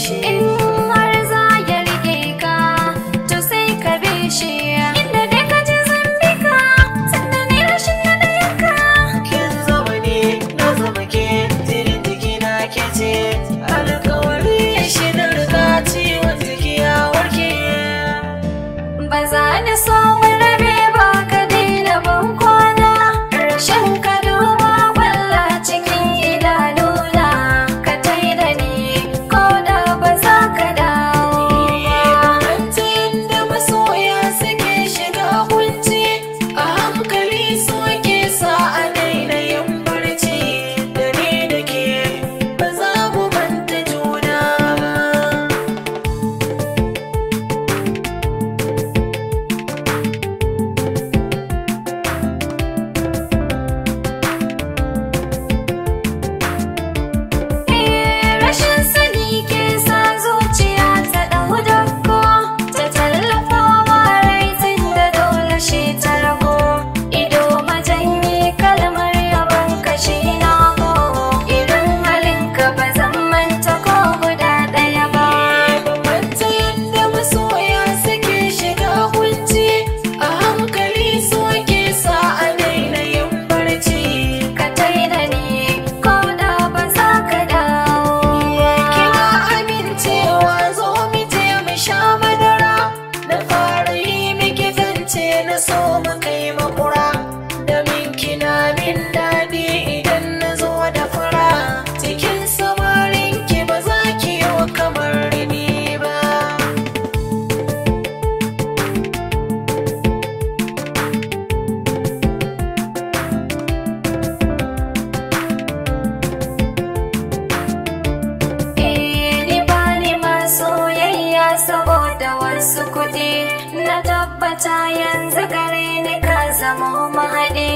shit. jin daɗi idan na zo da fara cikin samarin ki ba za ki yi kamar ni ba Eh, ba ni ma soyayya saboda wasu kuɗi na tabbata yanzu ga zama mahaɗi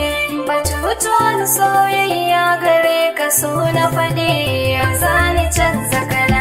batutu wani soyayya gare ka suna faɗi yanzu ni canza kana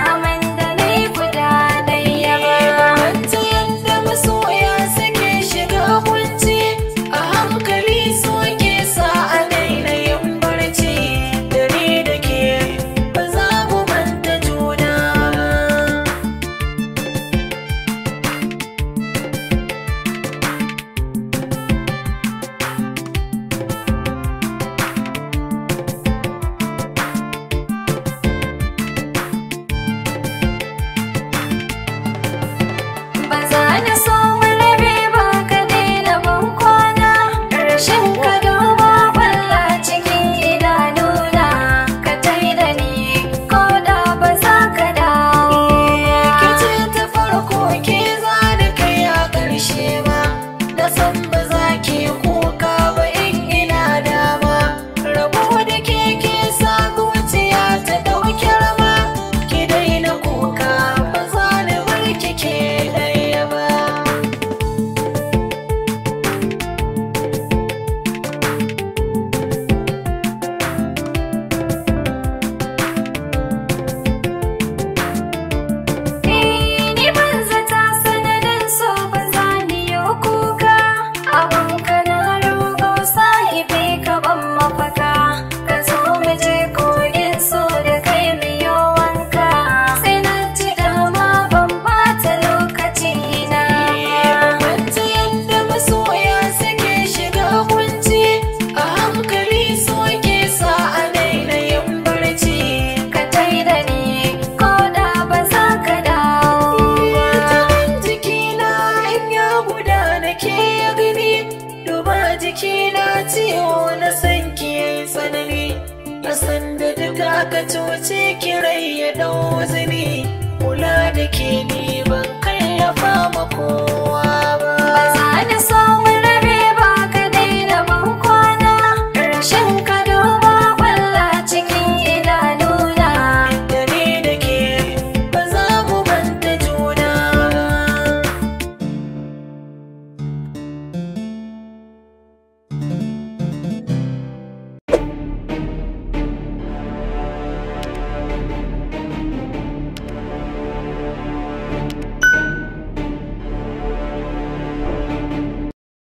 ka ki kirai ya dau zini kula da ke ni ban kallafa ma kowa ba. Ba sa